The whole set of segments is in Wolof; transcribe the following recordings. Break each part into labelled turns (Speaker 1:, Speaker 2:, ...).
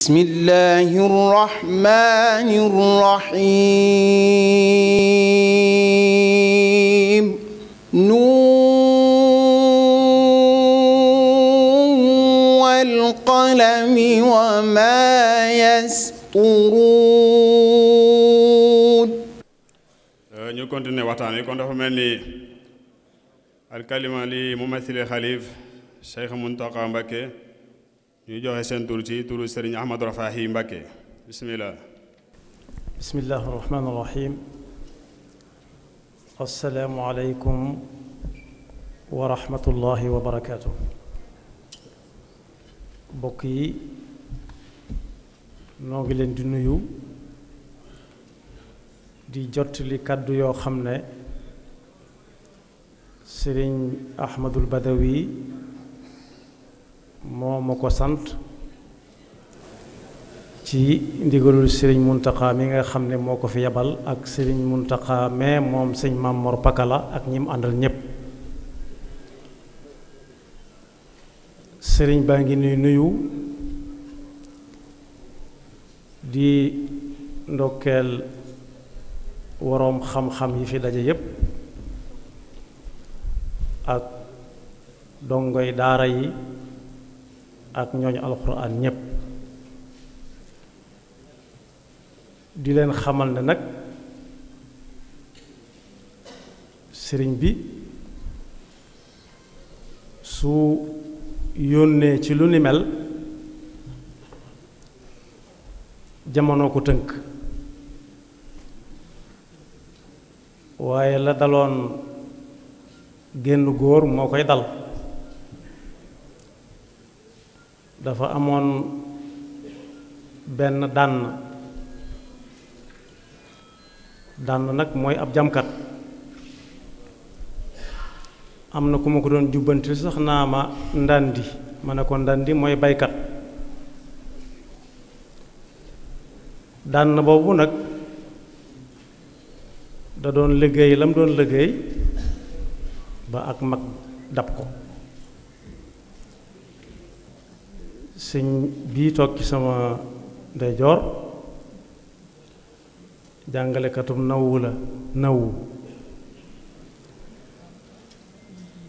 Speaker 1: بسم الله الرحمن الرحيم نون والقلم وما يسطرون ñu continuer waxtaan wi kon dafa mel ni alkalima li mumathil xalif Cheikh Mountakha Mbacké ñu joxe seen tur ci turu sëriñ Ahmad Rafahi Mbakke bisimilah. bisimilah rahmaani rahim. asalaamualeykum wa rahmatullahi wa barakaatu. mbokk yi noo ngi leen di nuyu. di jottali kàddu yoo xam ne sëriñ Ahmadul Badawi. moo ma ko sant ci ndigalul sëriñ Muntaxa mi nga xam ne moo ko fi yabal ak sëriñ Muntaxa mais moom sëñ Mamor Pakala ak ñiim àndal ñépp sëriñ baa ngi nuyu nuyu di ndokkeel woroom xam-xam yi fi daje yépp ak dongoy daara yi ak ñooñu alxuraan ñépp di leen xamal ne nag sëriñ bi su yónnee ci lu ni mel jamono ko tënk waaye la daloon génn góor moo koy dal dafa amoon benn dànn dànn nag mooy ab jamkat am na ku ma ko doon jubbantil sax naa ma ndandi ma ne ko ndandi mooy baykat dànn boobu nag da doon liggéey la mu doon liggéey ba ak mag dab ko sëñ bii toog ci sama ndeyjoor jàngalekatum nawu la nawwu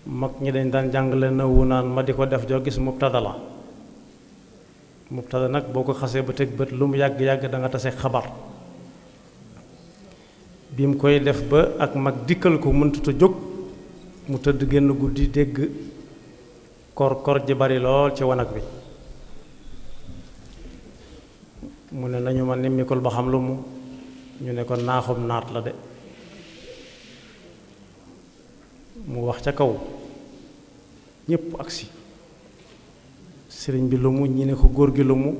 Speaker 1: mag ñi dañ daan jàngale nawu naan ma di ko def joo gis mubtada la mubtada nag boo ko xasee ba teg bët lu mu yàgg-yàgg danga tase xabar bi mu koy def ba ak mag dikkal ko mëntuta jóg mu tëdd génn guddi dégg kor kor ji bari lool ci wanag bi mu ne nañu ma nimmikul ba xam lu mu ñu ne ko naaxum naat la de mu wax ca kaw ñépp agsi sëriñ bi lu mu ñi ne ko góor gi lu mu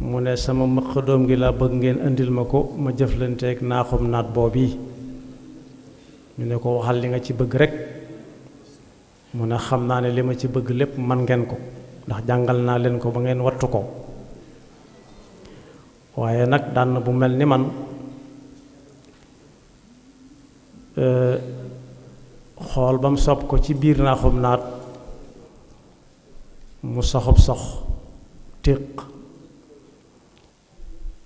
Speaker 1: mu ne sama mëq doom gi laa bëgg ngeen indil ma ko ma jëflanteeg naaxum naat boobu yi ñu ne ko waxal li nga ci bëgg rekk mu ne xam naa ne li ma ci bëgg lépp man ngeen ko ndax jàngal naa leen ko ba ngeen wattu ko waaye nag dànn bu mel ni man e, xool ba mu ko ci biir naaxum naat mu soxub sox téq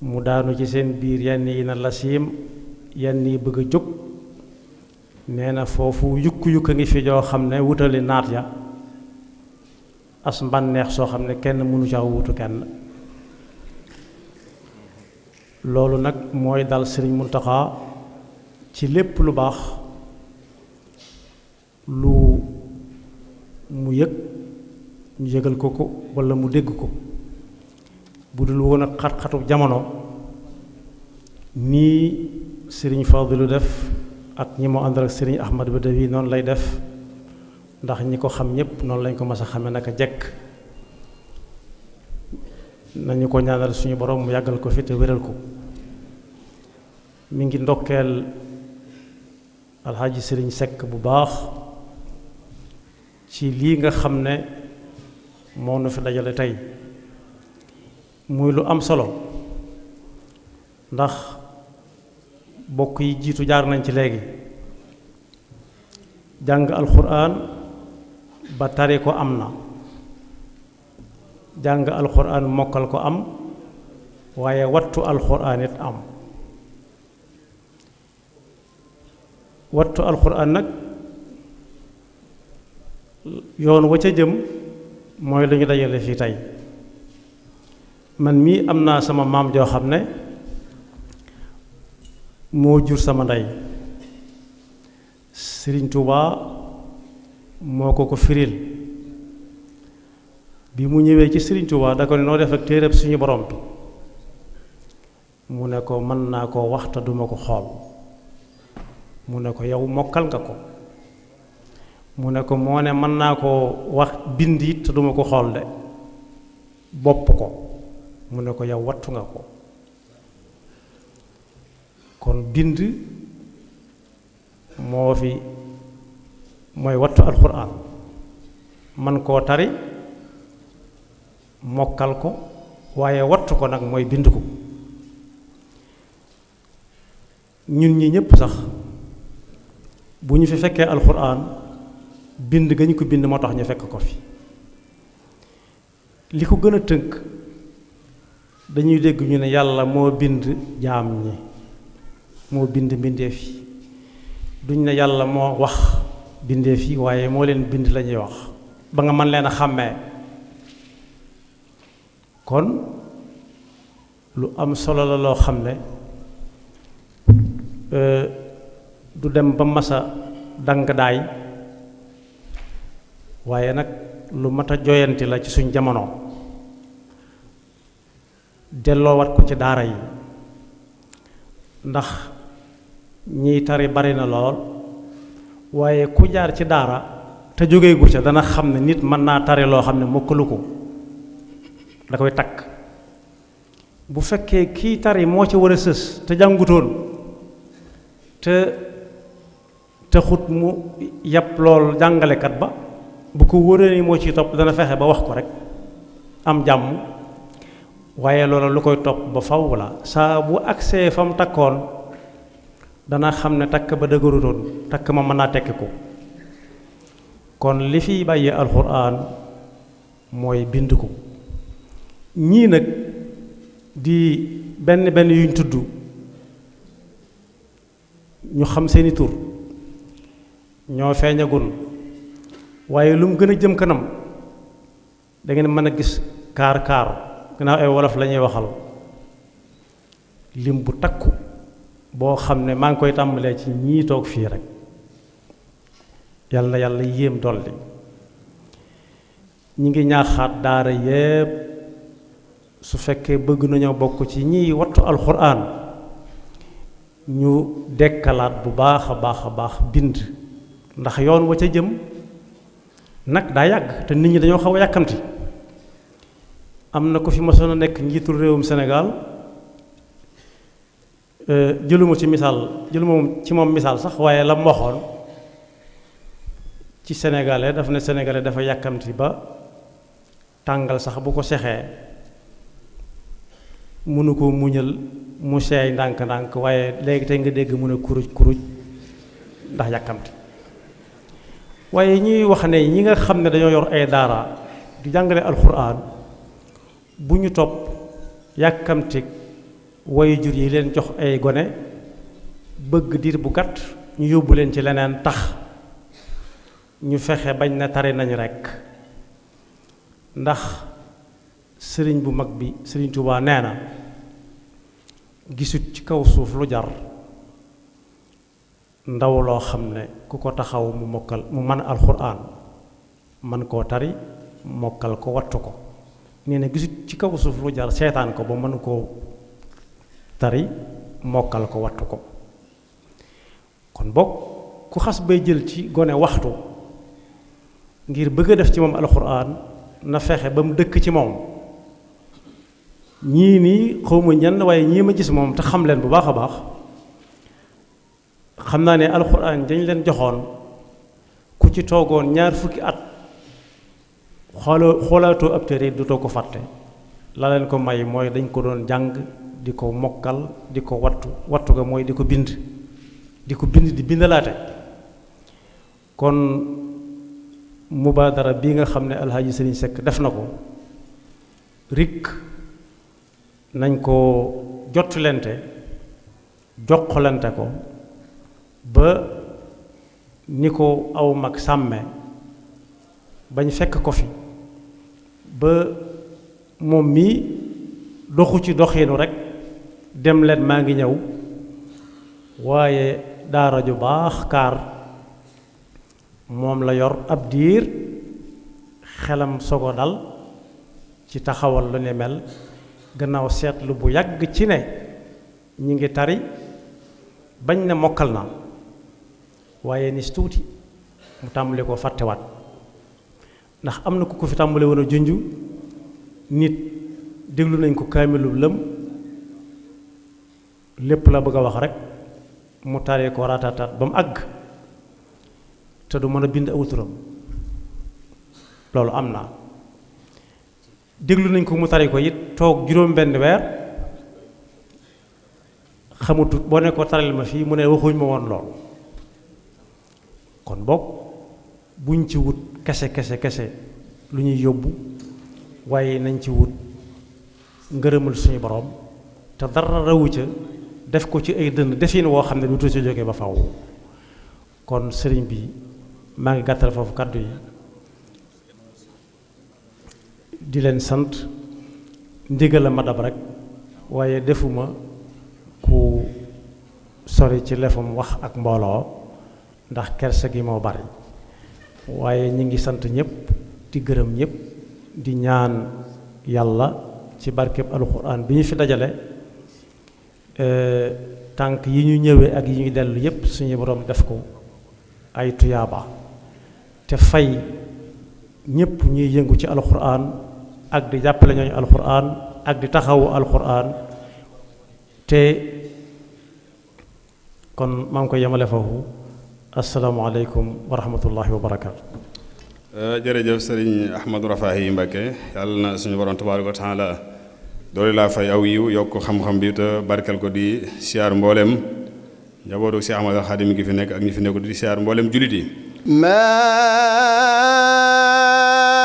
Speaker 1: mu daanu ci seen biir yenn yi na lasiim yenn yi bëgg a jóg nee na foofu yukk-yukk a ngi fi joo xam ne wutali naat ya as mbànneex soo xam ne kenn mënu ca wutu kenn loolu nag mooy dal sëriñ mun Muntaxa ci lépp lu baax lu mu yëg ñu yëgal ko ko walla mu dégg ko bu dul woon xat-xatu jamono nii sëriñ lu def ak ñi moo àndal ak sëriñ Ahmad Badawi noonu lay def ndax ñi ko xam ñëpp noonu lañ ko mas a xamee naka jekk nañu ko ñaanal suñu borom mu yàggal ko fi te wéral ko mi ngi ndokkeel alxaaji sëriñ Seck bu baax ci lii nga xam ne moo nu fi dajale tey muy lu am solo ndax bokk yi jiitu jaar nañ ci léegi jàng alxuraan ba tari ko am na jàng alxuraan mokkal ko am waaye wattu alxuraan it am wattu alxuraan nag yoon wa ca jëm mooy lu dajale fii tey man mii am naa sama maam joo xam ne moo jur sama ndey sëriñ moo ko ko firil bi mu ñëwee ci sëriñ tuubaa ko ne noo def ak téereeb suñu borom bi mu ne ko mën naa koo waxta duma ko xool mu ne ko yow mokkal nga ko mu ne ko moo ne mën naa koo wax bind it te duma ko xool de bopp ko mu ne ko yow wattu nga ko kon bind moo fi mooy wattu alxuraan man koo tari mokkal ko waaye wattu ko nag mooy bind ko ñun ñi ñëpp sax bu ñu fi fekkee alxuraan bind ga ñu ko bind moo tax ñu fekk ko fi li ko gën a tënk dañuy dégg ñu ne yàlla moo bind jaam ñi moo bind mbindeef yi duñ ne yàlla moo wax bindeef yi waaye moo leen bind lañuy wax ba nga mën leen a xàmmee kon lu am solo la loo xam ne euh, du dem ba masa dang daay waaye nag lu mat a joyanti la ci suñ jamono delloowaat ko ci daara yi ndax ñiy tari bari na lool waaye ku jaar ci daara te jógee gu ca dana xam ne nit mën naa tari loo xam ne mokkalu ko da koy takk bu fekkee kii tari moo ci war a sës te jàngutoon te te xut mu yàpp lool jàngalekat ba bu ko wëree ni moo ciy topp dana fexe ba wax ko rek am jàmm waaye loola lu koy topp ba faw la saa bu agsee fa mu takkoon dana xam ne takk ba dëgërutoon takk ma mën naa tekki ko kon li fiy bàyyi alxuraan mooy bind ko ñii nag di benn benn yuñ tudd ñu xam seeni tur ñoo feeñagun waaye lu mu gën a jëm kanam da mën a gis kaar kaar gannaaw ay wolof lañuy ñuy waxal lim bu takku boo xam ne maa ngi koy tàmbalee ci ñii toog fii rek yàlla na yàlla yéem dolli ñu ngi ñaaxaat daara yépp su fekkee bëgg nañoo bokk ci ñiy wattu alxuraan ñu dekkalaat bu baax a baax a baax bind ndax yoon wa ca jëm nag daa yàgg te nit ñi dañoo xaw a yàkkamti am na ko fi mosoon nekk njiitul réewum senegaal Euh, jëluma ci misaal jëluma ci moom misaal sax waaye la mu ci sénégalais daf ne sénégalais dafa yàkkamti ba tàngal sax bu ko sexee mënu ko muñal mu seey ndànk-ndànk waaye léegi tey nga dégg mu a kuruj kuruj ndax yàkkamti waaye ñuy wax ne ñi nga xam ne dañoo yor ay daara di jàngale alxuraan bu ñu topp yàkkamti wayu jur yi leen jox ay gone bëgg diir bu gàtt ñu yóbbu leen ci leneen tax ñu fexe bañ na tari nañu rekk ndax sëriñ bu mag bi sëriñ Tuubaa nee na gisut ci kaw suuf lu jar ndaw loo xam ne ku ko taxaw mu mokkal mu mën alxuraan man koo tari mokkal ko wattu ko nee na gisut ci kaw suuf lu jar seetaan ko ba mën koo tari mokkal ko wattu ko kon bokk ku xas bay jël ci gone waxtu ngir bëgg a def ci moom alxuraan na fexe ba mu dëkk ci moom ñii nii xawma ñenn waaye ñii ma gis moom te xam leen bu baax a baax xam naa ne alxuraan dañ leen joxoon ku ci toogoon ñaar fukki at xooloo xoolaatoo ab téere du too ko fàtte la leen ko may mooy dañ ko doon jàng di ko mokkal di ko wattu wattu ga mooy di ko bind di ko bind di bindalaate kon mubaadara bi nga xam ne alxaaji seeni sekk def na ko rikk nañ ko jotlante joxlante ko ba ni ko aw mag sàmme bañ fekk ko fi ba moom mii doxu ci doxiinu rekk dem leen maa ngi ñëw waaye daara ju baax kaar moom la yor ab diir xelam sogo dal ci taxawal lu ne mel gannaaw seetlu bu yàgg ci ne ñi ngi tari bañ na mokkal na waaye nis tuuti mu tàmbali ko fàttewaat ndax am na ku ko fi tàmbali woon a junj nit déglu nañ ko kaamilu lëm lépp la bëgg a wax rek mu taalee ko raatataat ba mu àgg te du mën a bind aw loolu am na déglu nañ ko mu tari ko it toog juróom benn weer xamutut boo nekkoo ko ma fii mu ne waxuñ ma woon lool kon boog buñ ci wut kese kese kese lu ñuy yóbbu waaye nañ ci wut ngërëmal suñu borom te dara rawu def ko ci ay dënn defin woo xam ne du ci jógee ba faw kon sëriñ bi maa ngi gàttal foofu kàddu yi di leen sant ndigal a ma dab rek waaye defuma ku sori ci lefum wax ak mbooloo ndax kersa gi moo bari waaye ñu ngi sant ñëpp di gërëm ñëpp di ñaan yàlla ci barkeb alxuraan bi ñu fi dajale Euh, tànk yi ñu ñëwee ak yi ñuy dellu yépp suñu boroom def ko ay tuyaaba te fay ñépp ñuy yëngu ci alxuraan ak di jàppale ñooñu alxuraan ak di taxawu alxuraan te kon maa ngi koy yemale foofu asalaamaaleykum wa rahmatullahi wa barakaatu. Euh, jërëjëf sëriñ Ahmadou Rafahi Mbacké yàlla na suñu borom tabaaraka wa taala doole laa fay aw yiw yokk xam-xam bi te barkel ko di siyaar mboolem njabootu si Ahmad Xaadim gi fi nekk ak ñi fi nekk di siyaar mboolem jullit yi maa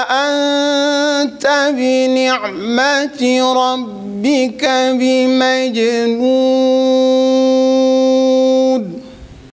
Speaker 1: anta bi ni'mati rabbika bi majnuun